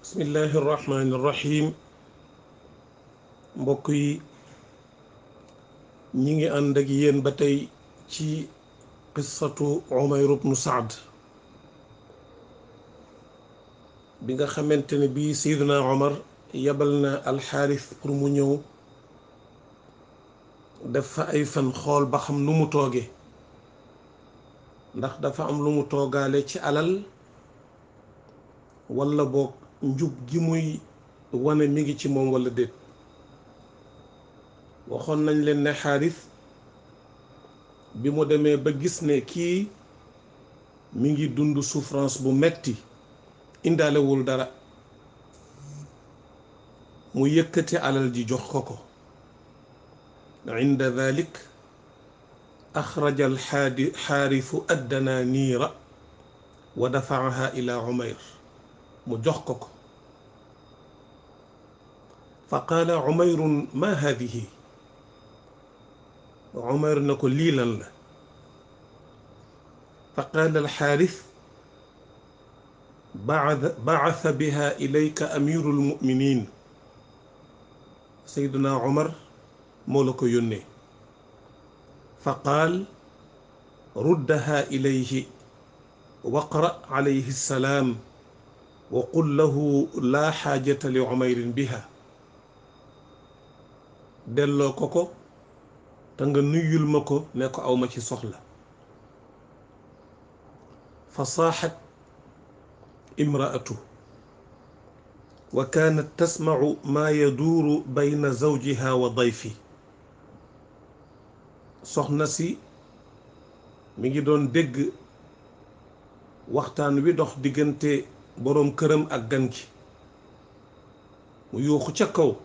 bismillahi irrahmani irrahim mbokk yi ñi ngi ànd ak yéen ba tey ci qissatu umayr ibnu saad bi nga xamante ne bii seydina omar yabal na alxaaris pour mu ñëw def fa ay fan xool ba xam lu mu tooge ndax dafa am lu mu toogaale ci alal walla boog njub gi muy wane mi ngi ci moom walla déet waxoon nañ leen ne xaaris bi mu demee ba gis ne kii mi ngi dund souffrance bu metti indaalewul dara mu yëkkati alal ji jox ko ko inda dalik axraja alxaadi xaarisu niira wa dafaaha ila umayr mu jox ko ko faqaala umayrun ma haadihi umar na ko lii lan la faqaala alxaaris baasa biha ilayka amiru lmuminin seyduna umar moo la ko yónnee faqaal ruddaha ilayhi waqra alayhi salaam wa qul lahu laa xaajata li umayrin biha delloo ko ko te nga nuyul ma ko ne ko awma ci soxla fa saaxat imraatu wa kaanat tasmacu maa yaduuru bayna zawjiha wa fi soxna si mu ngi doon dégg waxtaan wi dox diggante boroom këram ak gan ci mu yuuxu ca kaw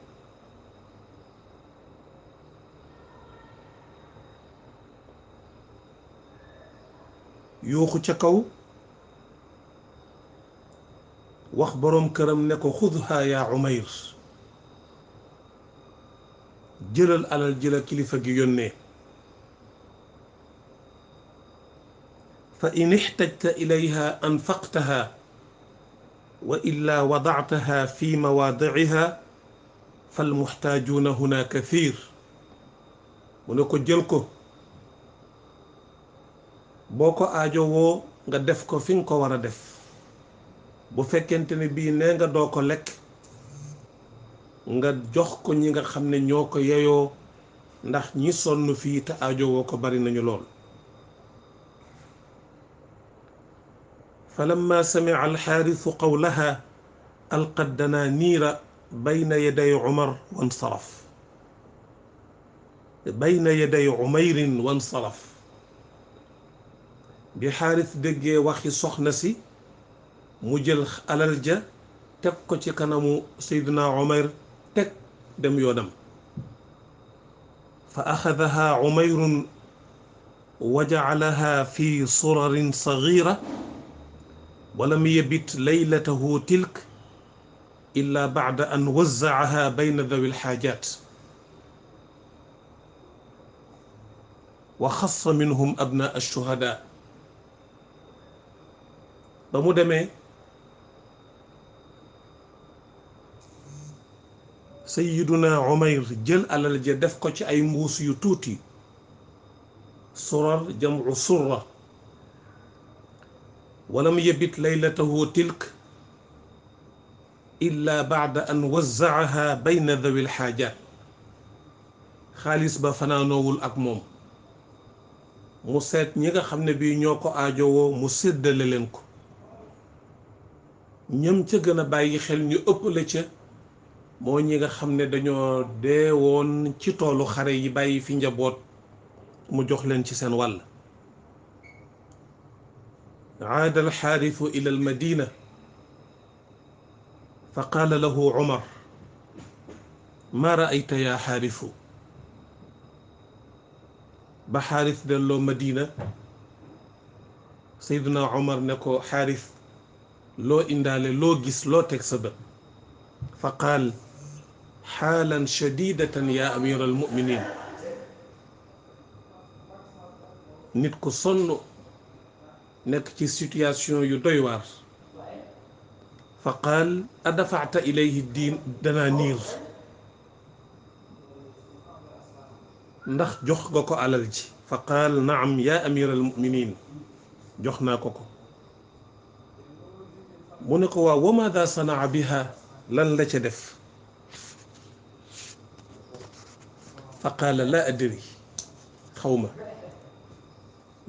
yuuxu ca kaw wax boroom këram ne ko xudha yaa umayr jëlal alal jëla kilifa gi yónnee fa in ixtajta ilayha anfaqtaha wa illa wadactaha fi mawaadiciha falmuxtaajuuna huna kathir mu ne ko jël ko boo ko ajoowoo nga def ko fi nga ko war a def bu fekkente ne bii nee nga doo ko lekk nga jox ko ñi nga xam ne ñoo ko yeyoo ndax ñi sonn fii te aajowoo ko bari nañu lool falamma samica alxaarisu qawlaha alqat danaaniira bayna yaday cumar wansaraf bayna yaday cumairin wansaraf bi xaaris déggee waxi soxna si mu jël alal ja teg ko ci kanamu seydina umayr teg dem yoonam fa axadaha umayrun wa jacalaha fi surarin sagira walam yabit leylatahu tilk illa bacda an wazacaha bayna dawi lxaajat wa xassa minhum abna alshuhada ba mu demee sayiduna umayr jël alal ja def ko ci ay mbuus yu tuuti surar jamcu surra walam yabit laylatahu tilk illa baada an wazzaaha bayna dawil xaajaat xaalis ba fanaanoowul ak moom mu seet ñi nga xam ne bii ñoo ko aajowoo mu séddale leen ko ñam ca gën a bàyyi xel ñu ëpp la ca moo ñi nga xam ne dañoo dee ci toolu xare yi bàyyi fi njaboot mu jox leen ci seen wàll aada alxaarisu ila almadina fa qaala lahu umar maa raayta ba xaaris delloo madina sayduna umar ne ko xaaris loo indaale loo gis loo teg sa bët fa qaal xaalan shadidatan yaa amir al nit ku sonn nekk ci situation yu doy waar fa qaal adafacta ilayhi diin danaa ndax jox nga ko alal ji fa qaal naam yaa amir al jox naa ko ko mu ne ko waaw wa maada sanaa biha lan la ca def fa qaala laa adri xaw ma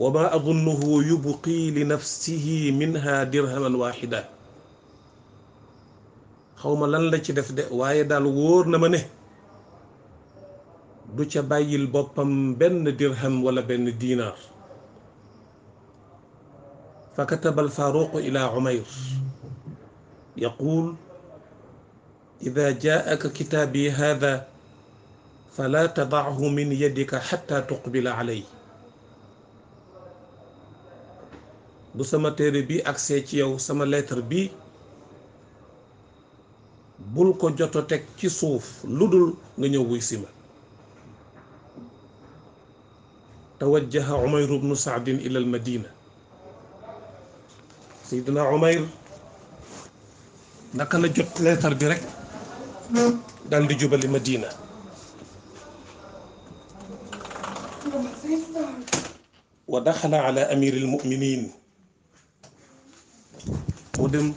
wa ma adunnuhu yubqi li nafsihi minha dirhaman waaxida xaw ma lan la ci def de waaye daal wóor na ma ne du ca bàyyil boppam benn dirham wala benn diinaar fa kataba alfaaruqu ila umayr يقول إذا جاءك كتابي هذا فلا تضعه من يدك حتى تقبل عليه bu sama téere bi agsee ci yow sama lettre bi bul ko jot a teg ci suuf lu dul nga ñëw wuy si ma tawajjaha Umayr ibnu Saadin ila al Madina Seydina Umayr naka la jot leetar bi rek dal di jubali Madina wa daxala ala amiril muminin mu dem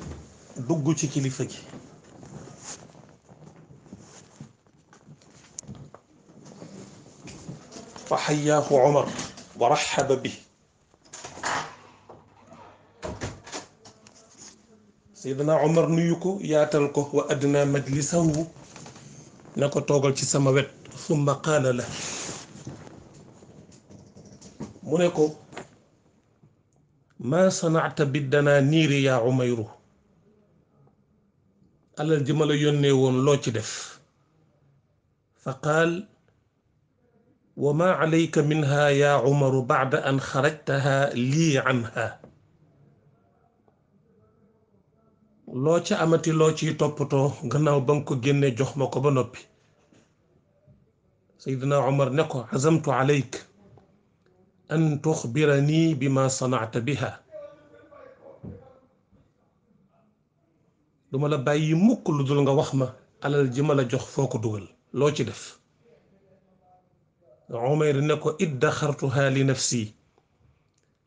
dugg ci kilifa gi fa xayaahu Omar wa raxaba bi Seydina Omar nuyu ko yaatal ko wa adna majlisahu na ko toogal ci sama wet summa qaala la mu ne ko maa sanacta biddanaa niiri yaa umayru alal ji ma la yónnee woon loo ci def fa qaal wa maa calayka minha yaa umaru bacda an xarajtaha lii canha loo ci amati loo ciy toppatoo gannaaw ba nga ko génnee jox ma ko ba noppi seydina omar ne ko azamtu aleyk an tuxbirani bi ma sanata biha duma la bàyyi mukk lu dul nga wax ma alal ji ma la jox foo ko dugal loo ci def omar ne ko iddaxartuha li nafsi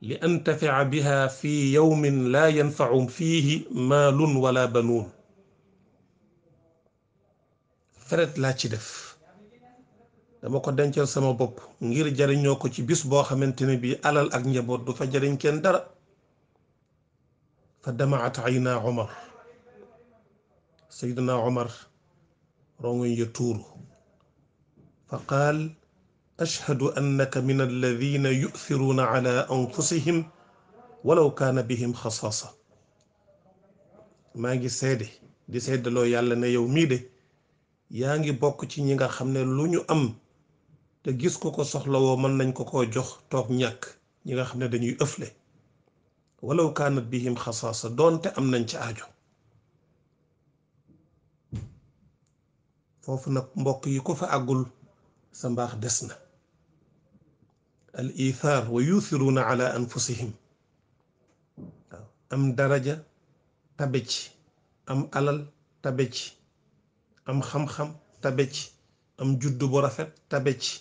li antafica biha fi yowmin laa yanfacu fiihi maalun wala banuun feret laa ci def dama ko dencal sama bopp ngir jariñoo ko ci bis boo xamante ne bii alal ak njaboot du fa jariñ kenn dara fa damaat ayna omar sayduna omar rongoñ ya fa qaal ashhadu annaka min alladina yu'thiruuna ala anfusihim walaw kaana bihim xasaasa maa ngi seede di seddaloo yàlla na yow mii de yaa ngi bokk ci ñi nga xam ne lu ñu am te gis ko ko soxlawoo mën nañ ko ko jox toog ñàkk ñi nga xam ne dañuy ëfle walaw kaanat bihim xasaasa doonte am nañ ci aajo foofu nag mbokk yi ko fa àggul sa mbaax des na al ithaar wa yuthiruuna ala anfusihim waaw am daraja tabe ci am alal tabe ci am xam-xam tabe ci am juddu bu rafet tabe ci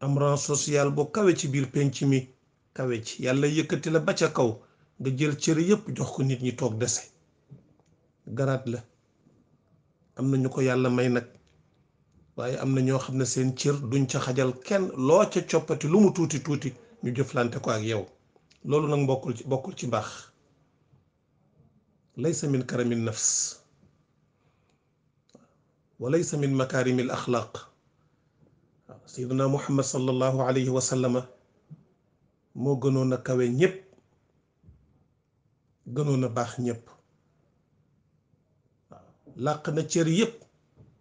am rang social boo kawee ci biir penc mi kawe ci yàlla yëkkati la ba ca kaw nga jël cër yépp jox ko nit ñi toog dese garaat la am na ñu ko yàlla may nag waaye am na ñoo xam ne seen cër duñ ca xajal kenn loo ca coppati lu mu tuuti tuuti ñu jëflante ko ak yow loolu nag mbokkul ci bokkul ci mbaax laysa min karamin nafs wa laysa min makarimil axlaaq waaw sayyiduna muhammad sallallahu alayhi wa sallama moo gënoon a kawe ñépp gënoon a baax ñépp waaw làq na cër yépp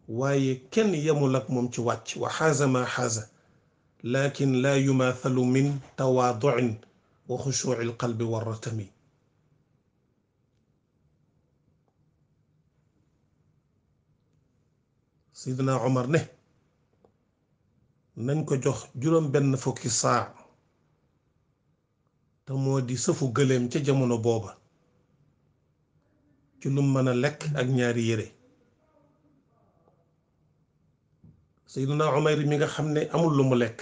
waaye kenn yemul ak moom ci wàcc wa xaaza ma xaaza lakin laa yumaathalu min tawaaduin wa xushuuci alqalbi wa ratami sidna nañ ko jox juróom benn fukki saa te moo di sëfu gëléem ca jamono booba ci lu mën a lekk ak ñaari yére sayyiduna umayr mi nga xam ne amul lu mu lekk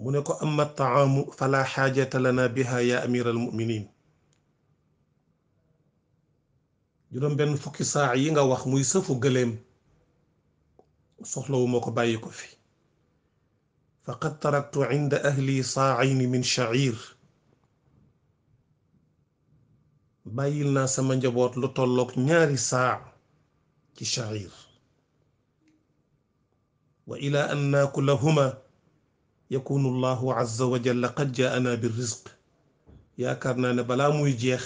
mu ne ko amma taamu fala xaajata lana biha ya amir al muminin juróom benn fukki saa yi nga wax muy sëfu gëléem soxlawu moo ko bàyyi ko fi faqad taraktu inda ahli saayni min sha'ir bàyyil naa sama njaboot lu tolloog ñaari saa ci sha'ir wa ila anna kullahuma yakunu allahu azza wa jalla qad jaana bi rizq yaakaar naa ne balaa muy jeex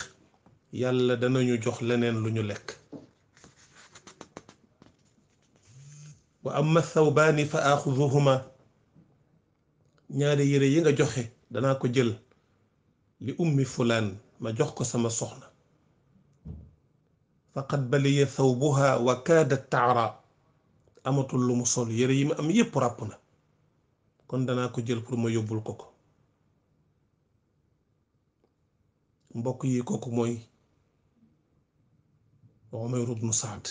yàlla danañu jox leneen lu ñu lekk wa amma thawbaani fa axuduhuma ñaari yére yi nga joxe danaa ko jël li ummi fulaan ma jox ko sama soxna faqad baliya thawbuha wa kaadat taara amatul lu mu sol yére yi mu am yépp ràpp na kon dana ko jël pour ma yóbbul ko ko mbokk yi kooku mooy Umayr ibn Saad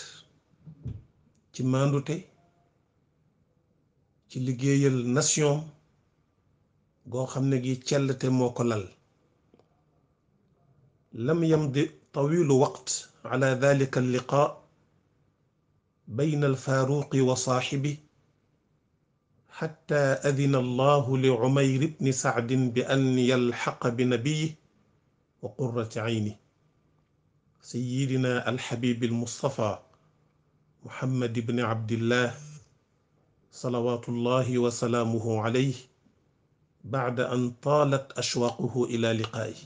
ci màndute ci liggéeyal nation goo xam ne gi cellte moo ko lal lam yamdi tawilu waqt ala dalika alliqaa bayna alfaaruqi wa saaxibi xatta adina allahu li umayr ibni sacdin bi an yalxaqa bi nabiyi wa qurrati ayni sayidina alxabibi almustafa muhammad ibni abdillah salawaatu allahi wa salaamuhu alayh bacda an taalat ashwaaquhu ila liqaayi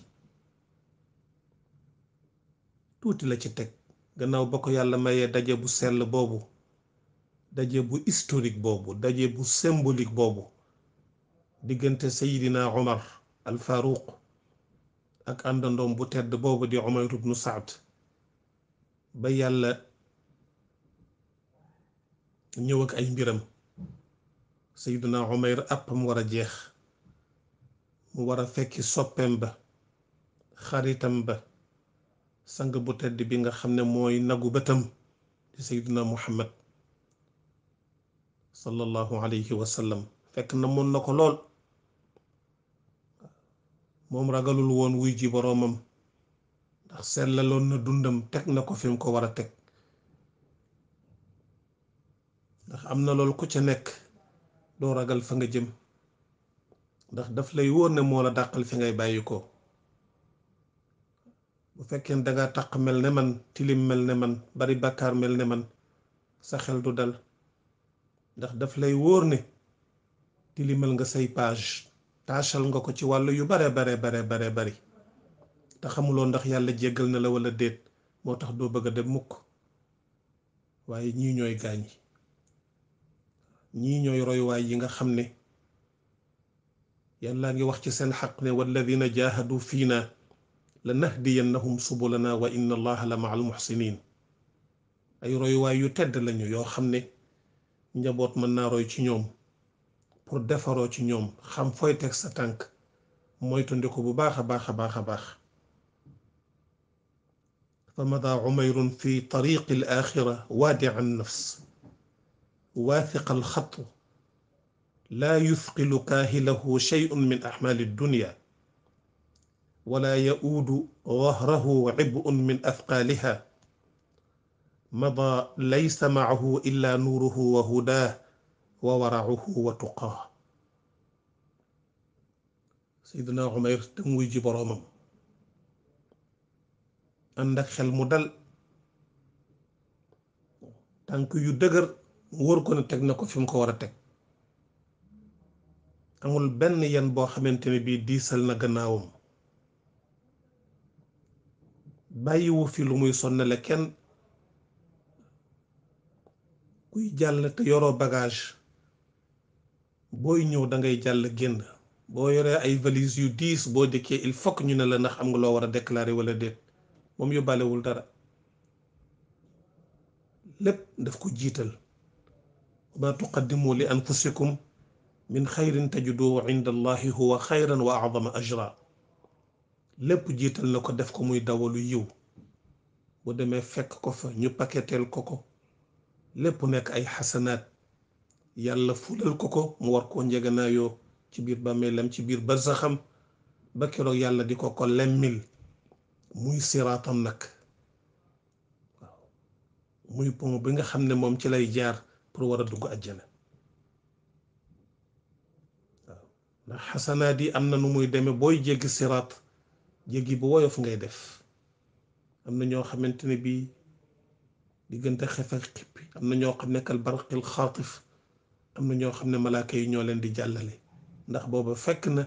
tuuti la ci teg gannaaw ba ko yàlla mayee daje bu sell boobu daje bu historique boobu daje bu symbolique boobu diggante sayidina omar al faruq ak àndandoom bu tedd boobu di umayr ibnu saad ba yàlla ñëw ak ay mbiram sayidina umayr àppam war a jeex mu war a fekki soppeem ba xaritam ba sang bu tedd bi nga xam ne mooy nagu bëtam di sayyiduna muhammad sallallahu alayhi wa sallam fekk na moon na ko lool moom ragalul woon wuy ji boroomam ndax lool na dundam teg na ko fi mu ko war a teg ndax am na lool ku ca nekk doo ragal fa nga jëm ndax daf lay wóor ne moo la dàqal fi ngay bàyyi ko bu fekkee ne danga taq mel ne man tilim mel ne man bari bàkkaar mel ne man sa xel du dal ndax daf lay wóor ne tilimal nga say page taachal nga ko ci wàll yu bare bare bare bare bari te xamuloo ndax yàlla jéggal na la wala déet moo tax doo bëgg a dem mukk waaye ñii ñooy gaañ ñii ñooy royuwaay yi nga xam ne yàlla ngi wax ci seen xaq ne walladina jaahadu fiina la nahdiyannahum subulana wa inna allaha la maal muhsinin ay royuwaay yu tedd lañu yoo xam ne njaboot mën naa roy ci ñoom pour defaroo ci ñoom xam fooy teg sa tànk moytandiku bu baax a baax a baax a baax fa madaa umayrun fi tariqi al axira waadica annafs waafiqa alxatu laa yuthqilu kaahilahu sheyun min axmaali dunya wala yauudu wahrahu cibun min athqaaliha mada laysa macahu illa nuuruhu wa hudaah wa waracuhu wa tuqaah seydina Umayr dem wuy ji boroomam ànd ak xel mu dal tànk yu dëgër wóor ko ne teg na ko fi mu ko war a teg amul benn yan boo xamante ne bii diisal na gannaawam bàyyiwu fi lu muy sonnale kenn kuy jàll te yoroo bagage booy ñëw da ngay jàll génn boo yoree ay valise yu diis boo dikkee il faut ñu ne la ndax am nga loo war a déclarer wala de moom yóbbaalewul dara lépp daf ko jiital ma tuqaddimu li anfusikum min xayrin tajiduhu inda allahi huwa xayran wa acdama ajra lépp jiital na ko def ko muy dawalu yiw bu demee fekk ko fa ñu paketeel ko ko lépp nekk ay xasanaat yàlla fulal ko ko mu war koo njeganaayoo ci biir bàmmeelam ci biir ba barsaxam ba keroog yàlla di ko ko lemmil muy siraatam nag waaw muy pont bi nga xam ne moom ci lay jaar pour war a dugg àjjana waaw ndax xasanaat yi am na nu muy demee booy jéggi siraat yi bu woyof ngay def am na ñoo xamante ne bii diggante xef xippi am na ñoo xam ne kal barqil xaatif am na ñoo xam ne malaaka yi ñoo leen di jàllale ndax booba fekk na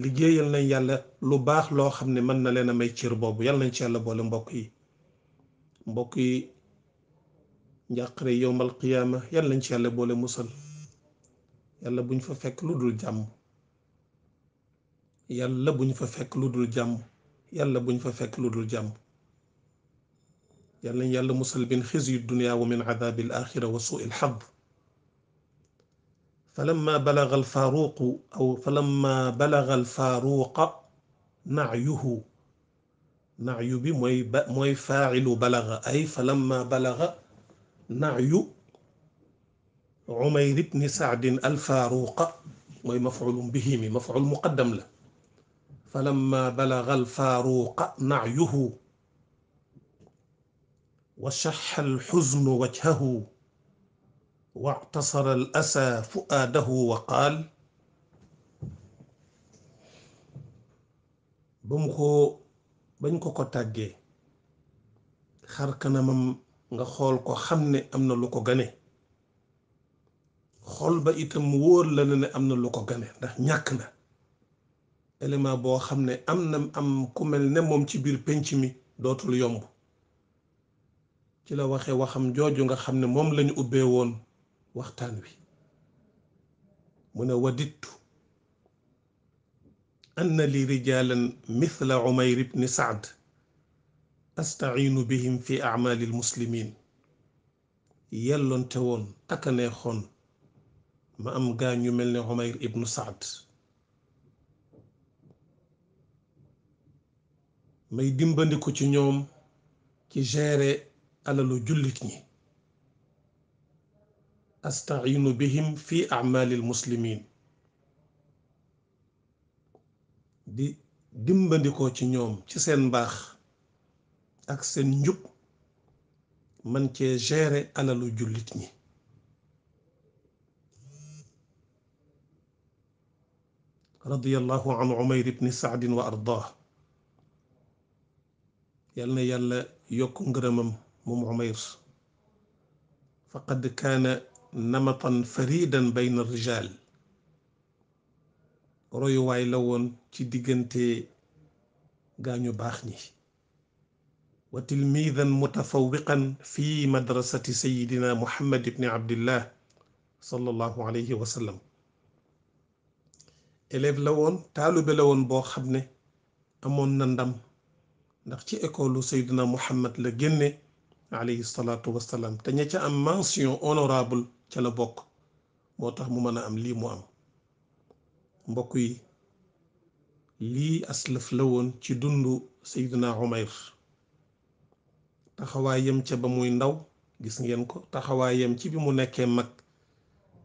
liggéeyal nañ yàlla lu baax loo xam ne mën na leen a may cër boobu yàlla nañ ci yàlla boole mbokk yi mbokk yi njàqare yowmal qiyaama yàlla nañ ci yàlla boole musal yàlla buñ fa fekk lu dul jàmm yàlla buñ fa fekk lu dul jàmm yàlla buñ fa fekk lu dul jàmm yàlla nañ yàlla musal min xisyi dunia wa min cadaabi alaaxira wa suu il xad falamma balaga alfaaruqu aw falamma balaga alfaaruqa nacyuhu nacyu bi mooy ba mooy faacilu balaga ay falamma balaga nacyu cumayr ibni sacdin alfaaruqa mooy mafculun bihi mi mafcul muqaddam la falamma balaga alfaaruqa nacyuhu wa shaxa alxusnu wajhahu wactasara alasa fuaadahu wa qaal ba mu ko bañ ko ko tàggee xar kanamam nga xool ko xam ne am na lu ko gane xool ba itam wóor la ne am na lu ko gane ndax ñàkk na élément boo xam ne am na am ku mel ne moom ci biir pénc mi dootul yomb ci la waxe waxam jooju nga xam ne moom lañu ubbee woon waxtaan wi mu ne wadittu anna li rijalan mithla umayr ibni saad astaciinu bihim fi acmaali almuslimin yelloonte woon ak neexoon ma am gaañ yu mel ne umayr ibnu saad may dimbandiku ci ñoom ci gérer alalu jullit ñi astainu bihim fi amalil muslimin di dimbandikoo ci ñoom ci seen mbaax ak seen njub man cee gérer alalu jullit ñi radiyallahu an umayr ibni saadin wa ardaah yal na yàlla yokk ngërëmam moom Umayr faqad kaana namatan faridan bayna rijaal royuwaay la woon ci diggante gaañu baax ñi wa tilmidan mutafawiqan fi madrasati sayidina muhammad ibni abdillah sallallahu alayhi wa sallam élève la woon taalube la woon boo xam ne amoon na ndam ndax ci école Seydina Muhammad la génne alayhi salaatu wassalaam te ña ca am mention honorable ca la bokk moo tax mu mën a am lii mu am mbokk yi lii aslaf la woon ci dundu Seydina Umayr taxawaayam ca ba muy ndaw gis ngeen ko taxawaayam ci bi mu nekkee mag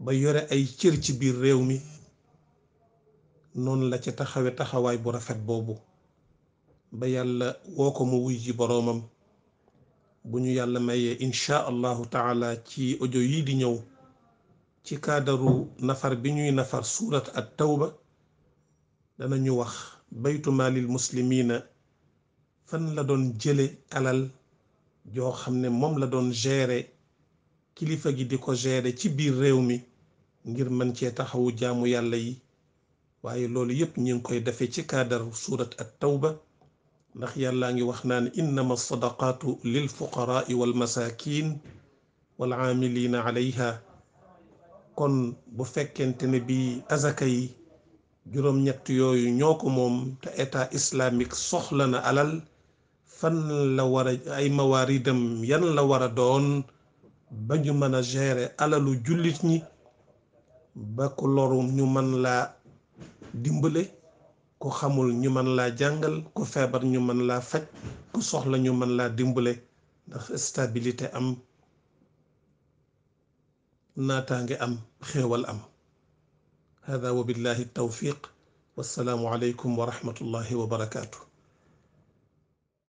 ba yore ay cër ci biir réew mi noonu la ca taxawe taxawaay bu rafet boobu ba yàlla woo ko mu wuy ji boroomam bu ñu yàlla mayee incha allahu taala ci ojo yii di ñëw ci kaadaru nafar bi ñuy nafar suurat at tawba danañu wax baytu maalil muslimina fan la doon jële alal joo xam ne moom la doon géré kilifa gi di ko géré ci biir réew mi ngir mën cee taxawu jaamu yàlla yi waaye loolu yépp ñu ngi koy defee ci kaadaru suurat at tawba ndax yàllaa ngi wax naan innama sadaqaatu lil fuqaraai wal masaakiin wa aamiliina alayha kon bu fekkente ne bi azaka yi juróom-ñett yooyu ñoo ko moom te état islamique soxla na alal fan la war ay mawaaridam yan la war a doon ba ñu mën a geere alalu jullit ñi ba ku loru ñu mën la dimbale ku xamul ñu mën laa jàngal ko feebar ñu mën laa faj ku soxla ñu mën laa dimbale ndax stabilité am naataange am xéewal am hada wa billahi tawfiq wassalaamu aleykum wa rahmatullahi wa barakaatu